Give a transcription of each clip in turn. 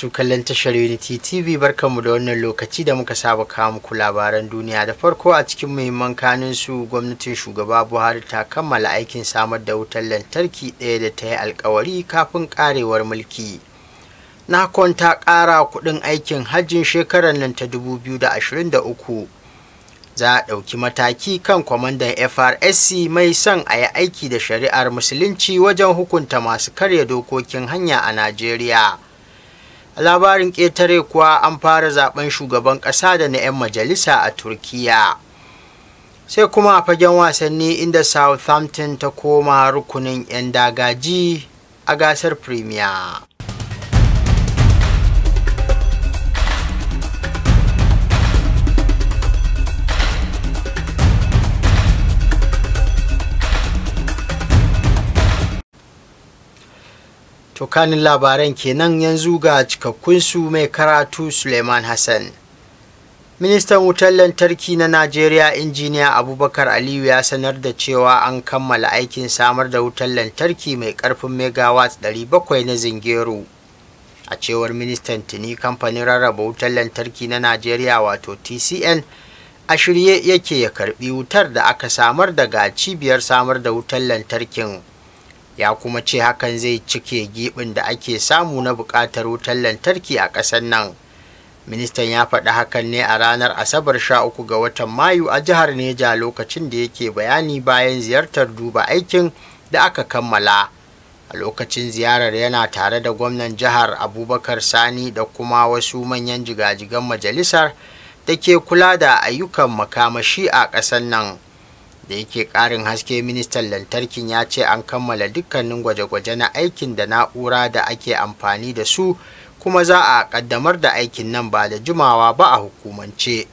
masu kallon tashar Unity TV barkanmu da wannan lokaci da muka saba kawo muku labaran duniya da farko a cikin muhimman kanin su gwamnatin shugaba Buhari ta kammala aikin samar da wutar lantarki ɗaya da ta yi alkawari kafin karewar mulki. Nakon ta ƙara kuɗin aikin hajjin shekarar nan ta 2023. Za a ɗauki mataki kan kwamandan FRSC mai son a yi aiki da shari'ar musulunci wajen hukunta masu karya dokokin hanya a Najeriya. labarin ƙetare kuwa an fara zaben shugaban ƙasa da na 'yan majalisa a turkiya sai kuma a fagen wasanni inda southampton ta koma rukunin 'yan dagaji a gasar premier To kanin labaran kenan yanzu ga cikakkunsu mai karatu Suleiman Hassan. Ministan wutar lantarki na Najeriya injiniya Abubakar Aliyu ya sanar da cewa an kammala aikin samar da wutar lantarki mai karfin megawatt 700 na zingero. A cewar ministan tuni kamfanin rarraba wutar lantarki na Najeriya wato TCN a shirye yake ya karbi wutar da aka samar daga cibiyar samar da wutar lantarkin. ya kuma ce hakan zai cike gibin da ake samu na buƙatar wutar lantarki a ƙasar nan ministan ya faɗi hakan ne a ranar asabar 13 ga watan mayu a jihar neja lokacin da yake bayani bayan ziyartar duba aikin da aka kammala a lokacin ziyarar yana tare da gwamnan jihar abubakar sani da kuma wasu manyan jigajigan majalisar da ke kula da ayyukan makamashi a ƙasar nan da yake ƙarin haske ministan lantarkin ya ce an kammala dukkanin gwaje-gwaje na aikin da na'ura da ake amfani da su kuma za a ƙaddamar da aikin nan ba da jimawa ba a hukumance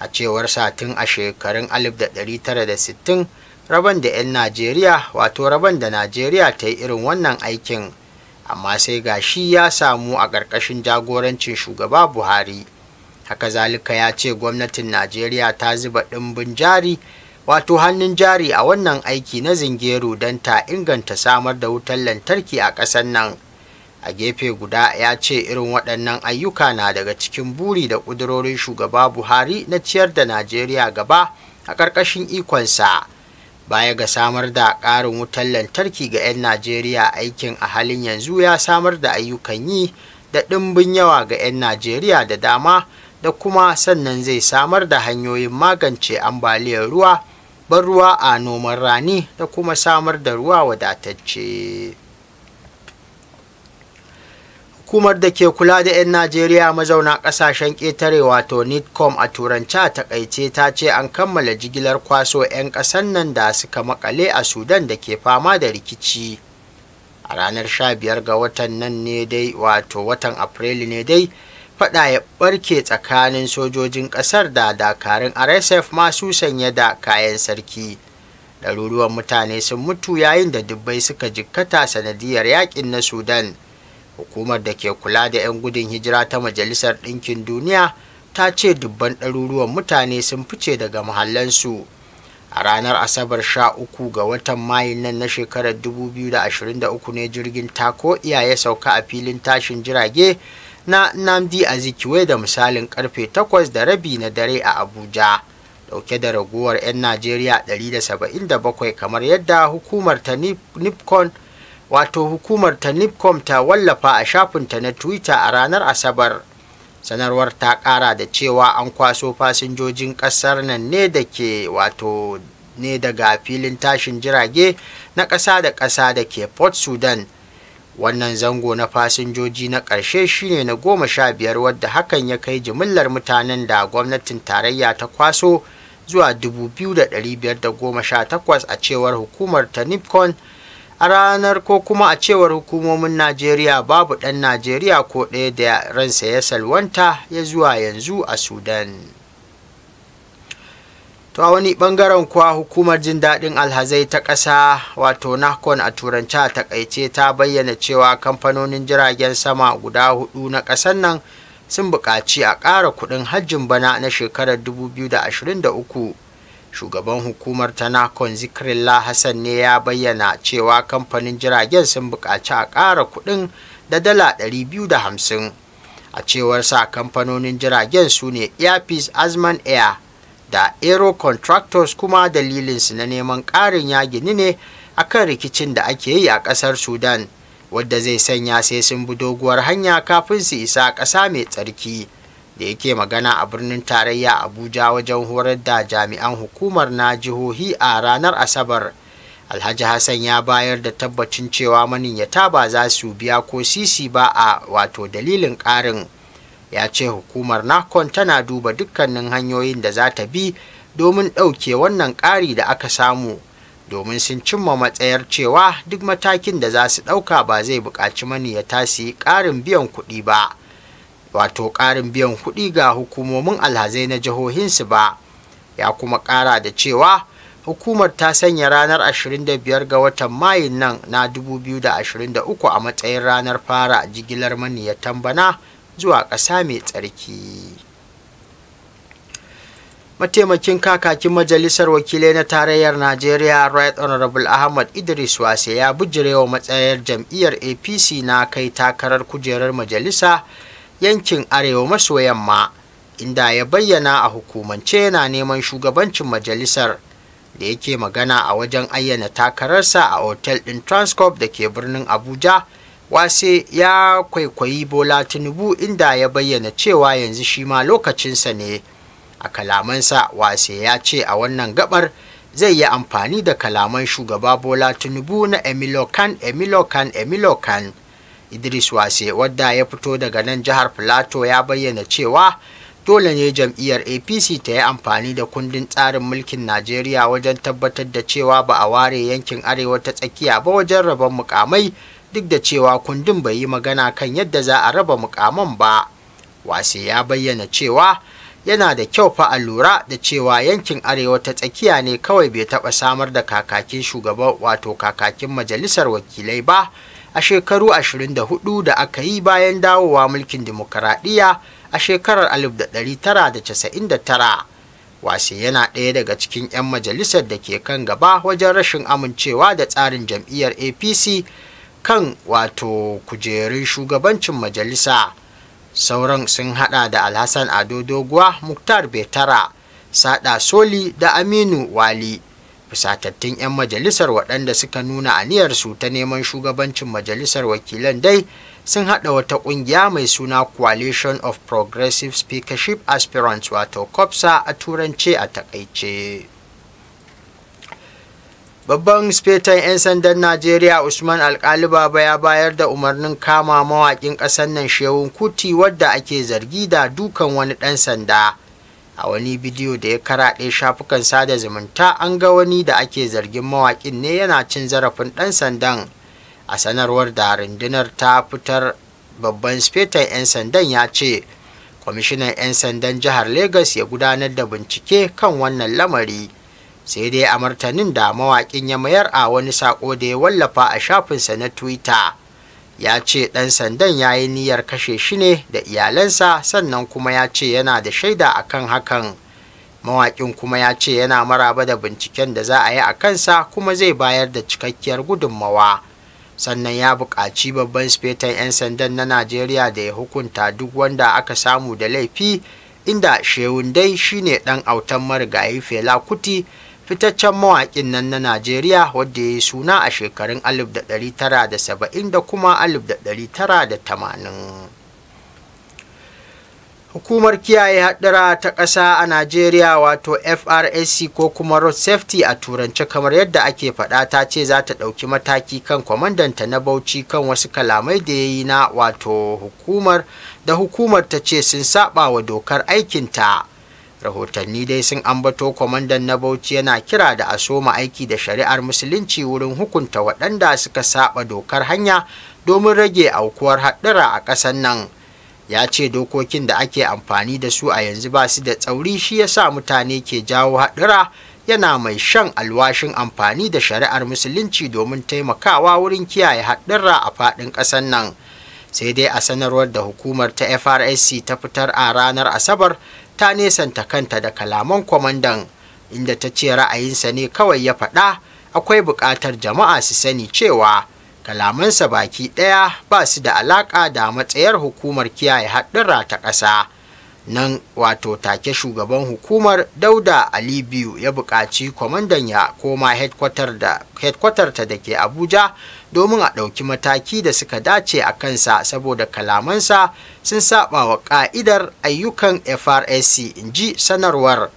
a cewar satin a shekarun 1960 rabon da 'yan najeriya wato rabon da najeriya ta yi irin wannan aikin amma sai ga shi ya samu a ƙarƙashin jagorancin shugaba buhari haka zalika ya ce gwamnatin najeriya ta zuba ɗimbin jari wato hannun jari a wannan aiki na zingero don ta inganta samar da wutar lantarki a ƙasar nan a gefe guda ya ce irin waɗannan ayyuka na daga cikin buri da ƙudurorin shugaba buhari na ciyar da najeriya gaba a ƙarƙashin ikonsa baya ga samar da ƙarin wutar lantarki ga 'yan najeriya aikin a halin yanzu ya samar da ayyukan yi da ɗimbin yawa ga 'yan najeriya da dama da kuma sannan zai samar da hanyoyin magance ambaliyar ruwa ban ruwa a noman rani da kuma samar da ruwa wadatacce hukumar da ke kula da 'yan najeriya mazauna kasashen ƙetare wato nitcom a turanci a takaice ta ce an kammala jigilar kwaso 'yan ƙasan nan da suka makale a sudan da ke fama da rikici a ranar 15 ga watan nan ne dai wato watan afrilu ne dai faɗa ya ɓarke tsakanin sojojin ƙasar da dakarun rsf masu sanye da kayan sarki ɗaruruwan mutane sun mutu yayin da dubbai suka jikkata sanadiyar yakin na sudan hukumar da ke kula da 'yan gudun hijira ta majalisar ɗinkin duniya ta ce dubban ɗaruruwan mutane sun fice daga mahallansu a ranar asabar sha uku ga watan mayu nan na shekarar 2023 ne jirgin ta tako iyaye sauka a filin tashin jirage na namdi Azikiwe da misalin karfe 8 da rabi na dare a Abuja. dauke da raguwar 'yan Najeriya 177 kamar yadda hukumar ta Nipcon wato hukumar ta Nipcom ta wallafa a shafinta na Twitter a ranar Asabar. Sanarwar ta ƙara da cewa an kwaso fasinjojin ƙasar nan ne da ke wato ne daga filin tashin jirage na ƙasa da ƙasa da ke Port Sudan. wannan zango na fasinjoji na ƙarshe shine na goma sha biyar wadda hakan ya kai jimillar mutanen da gwamnatin tarayya ta kwaso zuwa 2,518 a cewar hukumar ta nipcon a ranar ko kuma a cewar hukumomin najeriya babu ɗan najeriya ko ɗaya da ransa ya salwanta ya zuwa yanzu a sudan to a wani bangaren kuwa hukumar jin daɗin alhazai ta ƙasa wato nakon a turanci a takaice ta bayyana cewa kamfanonin jiragen sama guda hudu na ƙasar nan sun buƙaci a ƙara kuɗin hajjin bana na shekarar 2023 shugaban hukumar ta nakon zikrilla hassan ne ya bayyana cewa kamfanin jiragen sun buƙaci a ƙara kuɗin da dala 250 a cewar sa kamfanonin jiragen su ne airpeace azman air da aero contractors kuma dalilinsu na neman ƙarin ya gini ne kan rikicin da ake yi a ƙasar sudan wadda zai sanya sai sun bi doguwar hanya kafin su isa ƙasa mai tsarki da yake magana a birnin tarayya abuja wajen horar da jami'an hukumar na jihohi a ranar asabar alhaji hassan ya bayar da tabbacin cewa maniyyata ba za su biya ko sisi ba a wato dalilin ƙarin ya ce hukumar nakon tana duba dukkanin hanyoyin da za ta bi domin ɗauke wannan ƙari da aka samu domin sun cimma matsayar cewa duk matakin da za su ɗauka ba zai buƙaci maniyata su yi ƙarin biyan kuɗi ba wato ƙarin biyan kuɗi ga hukumomin alhazai na jihohinsu ba ya kuma ƙara da cewa hukumar ta sanya ranar 25 ga watan mayun nan na 2023 a matsayin ranar fara jigilar maniyatan bana zuwa ƙasa mai tsarki mataimakin kakakin majalisar wakilai na tarayyar najeriya right honorable ahmad idris wase ya bijirewa matsayar jam'iyyar apc na kai takarar kujerar majalisa yankin arewa maso yamma inda ya bayyana a hukumance na neman shugabancin majalisar da yake magana a wajen ayyana takararsa a otel din transcorp da ke birnin abuja wase ya kwaikwayi bola tinubu inda ya bayyana cewa yanzu shi ma lokacinsa ne a kalamansa wase ya ce a wannan gabar zai yi amfani da kalaman shugaba bola tinubu na emilokan emilokan emilokan idris wase wadda ya fito daga nan jihar plateau ya bayyana cewa dole ne jam'iyyar apc ta yi amfani da kundin tsarin mulkin najeriya wajen tabbatar da cewa ba a ware yankin arewa ta tsakiya ba wajen rabon mukamai duk da cewa kundin bai yi magana kan yadda za a raba mukaman ba wase ya bayyana cewa yana da kyau fa a lura da cewa yankin arewa ta tsakiya ne kawai bai taɓa samar da kakakin shugaban wato kakakin majalisar wakilai ba a shekaru 24 da aka yi bayan dawowa mulkin dimokuraɗiyya a shekarar 1999 wase yana ɗaya daga cikin 'yan majalisar da ke kan gaba wajen rashin amincewa da tsarin jam'iyyar apc kan wato kujerun shugabancin majalisa sauran sun hada da alhassan ado doguwa muktar betara sada soli da aminu wali fusatattun 'yan majalisar waɗanda suka nuna aniyarsu ta neman shugabancin majalisar wakilan dai sun haɗa wata ƙungiya mai suna coalition of progressive speakership aspirants wato copsa a turance a takaice babban spetan 'yan sandan najeriya usman alkaliba ya bayar da umarnin kama mawaƙin ƙasar nan shehun kuti wadda ake zargi da dukan wani ɗan sanda a wani bidiyo da ya karaɗe shafukan sada zumunta an ga wani da ake zargin mawaƙin ne yana cin zarafin ɗan sandan a sanarwar da rundunar ta fitar babban spetan 'yan sandan ya ce kwamishinan 'yan sandan jihar Legas ya gudanar da bincike kan wannan lamari. sai dai a martanin da mawakin ya mayar a wani sako da ya wallafa a shafinsa na twitter ya ce ɗan sandan ya yi niyyar kashe shi ne da iyalansa sannan kuma ya ce yana da shaida a kan hakan mawaƙin kuma ya ce yana maraba da binciken da za a yi a kansa kuma zai bayar da cikakkiyar gudunmawa sannan ya buƙaci babban sifetan 'yan sandan na najeriya da ya hukunta duk wanda aka samu da laifi inda shewun dai shine ɗan autan marigayi fela kuti fitaccen mawaƙin nan na Najeriya wadda ya yi suna a shekarun 1970 da kuma 1980. Hukumar kiyaye haɗura ta ƙasa a Najeriya wato FRSC ko kuma Road Safety a turance kamar yadda ake faɗa ta ce za ta ɗauki mataki kan kwamandanta na Bauchi kan wasu kalamai da ya yi na wato hukumar da hukumar ta ce sun saɓa wa dokar aikinta. rahotanni dai sun ambato kwamandan na bauchi yana kira da a soma aiki da shari'ar musulunci wurin hukunta waɗanda suka saba dokar hanya domin rage aukuwar haɗura a ƙasar nan ya ce dokokin da ake amfani da su a yanzu ba su da tsauri shi ya sa mutane ke jawo haɗura yana mai shan alwashin amfani da shari'ar musulunci domin taimakawa wurin kiyaye haɗura a faɗin ƙasar nan sai dai a sanarwar da hukumar ta frsc ta fitar a ranar asabar ta nesanta kanta da kalaman kwamandan inda ta ce ra'ayinsa ne kawai ya faɗa akwai buƙatar jama'a su sani cewa kalamansa baki ɗaya ba su da alaƙa da matsayar hukumar kiyaye haɗurra ta ƙasa. nan wato take shugaban hukumar dauda ali biyu ya bukaci kwamandan ya koma headquarter ta da ke abuja domin a ɗauki mataki da suka dace a kansa saboda kalamansa sun saba wa ƙa'idar ayyukan frsc in ji sanarwar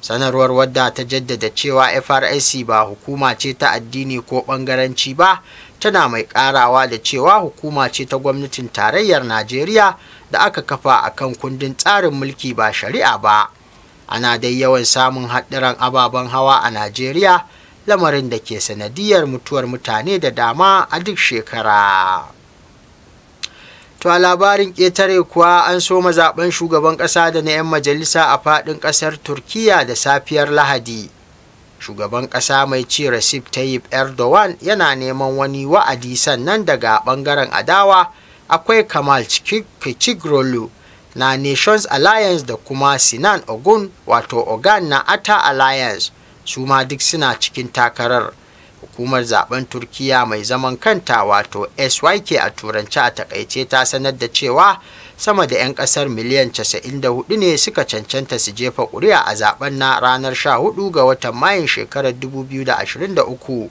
sanarwar wadda ta jaddada cewa frsc ba hukuma ce ta addini ko bangaranci ba tana mai karawa da cewa hukuma ce ta gwamnatin tarayyar najeriya da aka kafa a kan kundin tsarin mulki ba shari'a ba ana dai yawan samun haɗiran ababen hawa a najeriya lamarin da ke sanadiyar mutuwar mutane da dama a duk shekara to a labarin ƙetare kuwa an so mazaɓen shugaban ƙasa da na 'yan majalisa a faɗin ƙasar Turkiyya da safiyar lahadi shugaban ƙasa mai ci recep tayyip erdogan yana neman wani wa'adi sannan daga ɓangaren adawa akwai kamal Kichigrolu na nations alliance da kuma sinan ogun wato ogan na ata alliance su ma duk suna cikin takarar hukumar zaben turkiya mai zaman kanta wato syk a turanci a takaice ta sanar da cewa sama da 'yan kasar miliyan 94 ne suka cancanta su jefa kuri'a a zaben na ranar 14 ga watan mayun shekarar 2023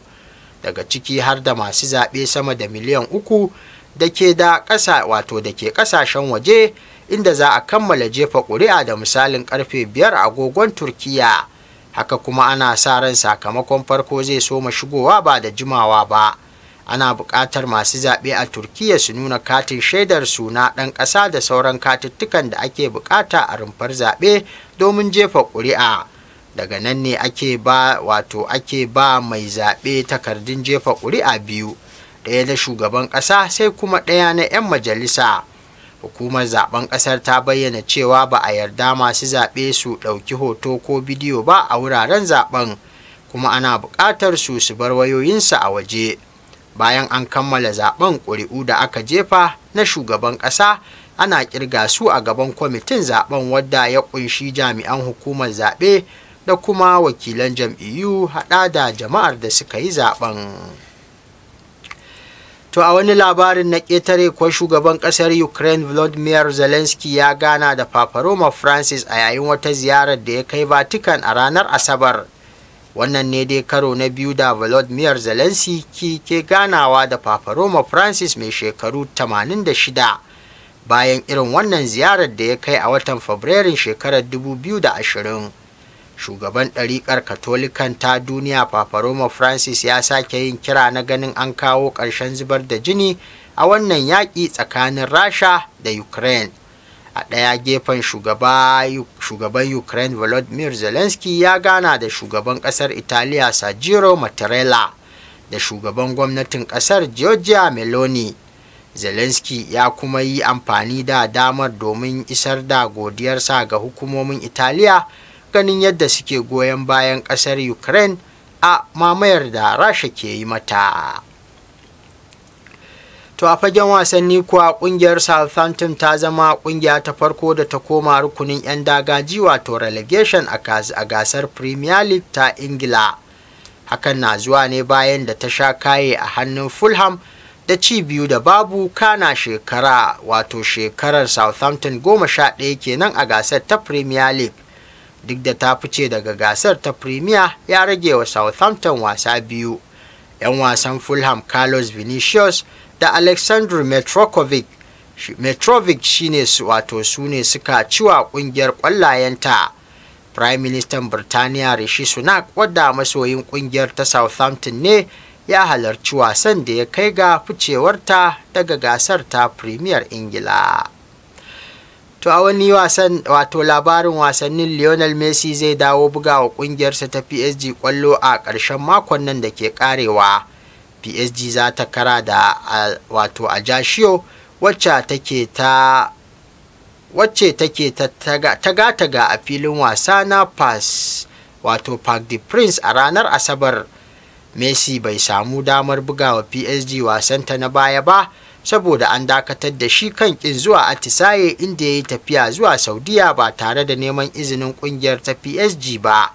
daga ciki har da masu zaɓe sama da miliyan uku da ke da ƙasa wato da ke ƙasashen waje inda za a kammala jefa ƙuri'a da misalin ƙarfe biyar agogon turkiya haka kuma ana sa ran sakamakon farko zai soma shigowa ba da jimawa ba ana buƙatar masu zaɓe a turkiya su nuna katin shaidar suna ɗan ƙasa da sauran katittukan da ake buƙata a rumfar zaɓe domin jefa ƙuri'a daga nan ne ake ba wato ake ba mai zaɓe takardun jefa ƙuri'a biyu ɗaya na shugaban ƙasa sai kuma ɗaya na 'yan majalisa hukumar zaben ƙasar ta bayyana cewa ba a yarda masu zaɓe su ɗauki hoto ko bidiyo ba a wuraren zaben kuma ana buƙatar su su bar wayoyinsu a waje bayan an kammala zaben ƙuri'u da aka jefa na shugaban ƙasa ana ƙirga su a gaban kwamitin zaben wadda ya kunshi jami'an hukumar zaɓe da kuma wakilan jam'iyyu haɗa da jama'ar da suka yi zaben. To a wani labarin na ƙetare kuwa shugaban ƙasar Ukraine Volodymyr Zelensky ya gana da Papa Roma Francis a yayin wata ziyarar da ya kai Vatican a ranar Asabar. Wannan ne dai karo na biyu da Volodymyr Zelensky ke ganawa da Papa Roma Francis mai shekaru 86 bayan irin wannan ziyarar da ya kai a watan Fabrairun shekarar 2020. shugaban ɗariƙar katolikan ta duniya roma francis ya sake yin kira na ganin an kawo ƙarshen zubar da jini a wannan yaƙi tsakanin rasha da ukraine a ɗaya gefen shugaban ukraine volodymyr zelensky ya gana da shugaban ƙasar italiya sajiro mattarella da shugaban gwamnatin ƙasar georgia meloni zelensky ya kuma yi amfani da damar domin isar da godiyarsa ga hukumomin italiya ganin yadda suke goyon bayan ƙasar ukraine a mamayar da rasha ke yi mata to a fagen wasanni kuwa kungiyar southampton ta zama kungiya ta farko da ta koma rukunin 'yan dagaji wato relegation a gasar premier league ta ingila hakan na zuwa ne bayan da ta sha kaye a hannun fulham da ci biyu da babu kana shekara wato shekarar southampton goma sha ɗaya kenan a gasar ta premier league duk da ta fice daga gasar ta premier ya rage wa southampton wasa biyu 'yan wasan fulham carlos vinicius da alexander metrovic metrovic shine wato su ne suka ciwa kungiyar kwallayenta prime minister birtaniya rishi sunak wadda masoyin kungiyar ta southampton ne ya halarci wasan da ya kai ga ficewarta daga gasar ta premier ingila to a wani wasan wato labarin wasannin lionel messi zai dawo buga bugawa kungiyarsa ta psg kwallo a ƙarshen makon nan da ke karewa psg za ta kara da wato a jashiyo wacce take ta wacce take ta a filin wasa na pass wato park de prince a ranar asabar messi bai samu damar bugawa psg wasanta na baya ba saboda an dakatar da shi kan kin zuwa atisaye inda ya yi tafiya zuwa saudiya ba tare da neman izinin kungiyar ta psg ba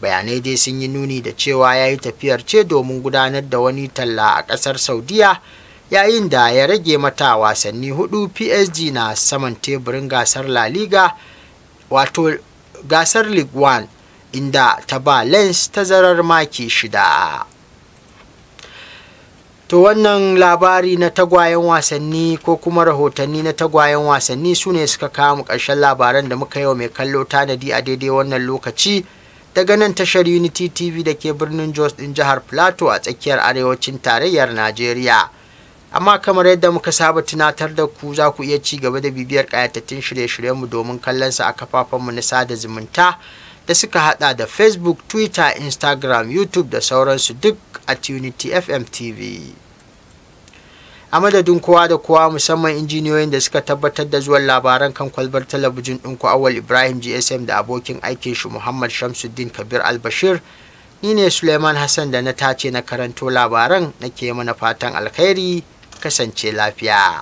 bayanai dai sun yi nuni da cewa ya yi tafiyar ce domin gudanar da wani talla a ƙasar saudiya yayin da ya rage mata wasanni hudu psg na saman teburin gasar la liga wato gasar league one inda ta ba lens zarar maki shida to wannan labari na tagwayen wasanni ko kuma rahotanni na tagwayen wasanni su ne suka kawo mu ƙarshen labaran da muka yau mai kallo tanadi a daidai wannan lokaci daga nan tashar unity tv da ke birnin jos din jihar plateau a tsakiyar arewacin tarayyar najeriya amma kamar yadda muka saba tunatar da ku za ku iya ci gaba da bibiyar kayatattun shirye-shiryenmu domin kallon su a kafafenmu na sada zumunta da suka hada da facebook twitter instagram youtube da sauransu duk a unity fm tv a madadin kowa da kowa musamman injiniyoyin da suka tabbatar da zuwan labaran kan kwalbar talabijin ɗinku awal ibrahim gsm da abokin aikin shi muhammad shamsuddin kabir albashir ni ne suleiman hassan da na tace na karanto labaran nake mana fatan alkhairi kasance lafiya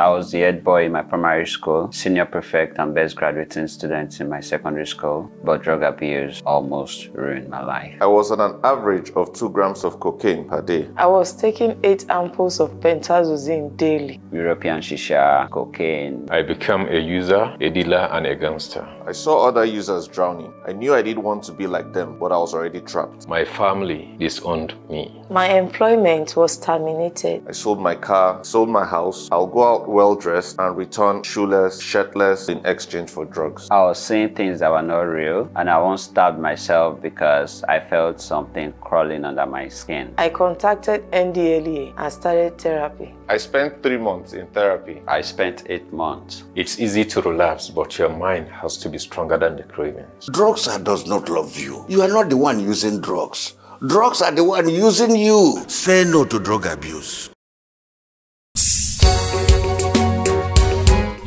I was the head boy in my primary school, senior prefect and best graduating student in my secondary school, but drug abuse almost ruined my life. I was on an average of 2 grams of cocaine per day. I was taking 8 ampoules of pentazosine daily. European shisha, cocaine. I became a user, a dealer and a gangster. I saw other users drowning. I knew I didn't want to be like them, but I was already trapped. My family disowned me. My employment was terminated. I sold my car, sold my house. I'll go out well dressed and returned shoeless, shirtless in exchange for drugs. I was seeing things that were not real and I once stabbed myself because I felt something crawling under my skin. I contacted NDLEA and started therapy. I spent three months in therapy. I spent eight months. It's easy to relapse, but your mind has to be stronger than the cravings. Drugs are, does not love you. You are not the one using drugs. Drugs are the one using you. Say no to drug abuse.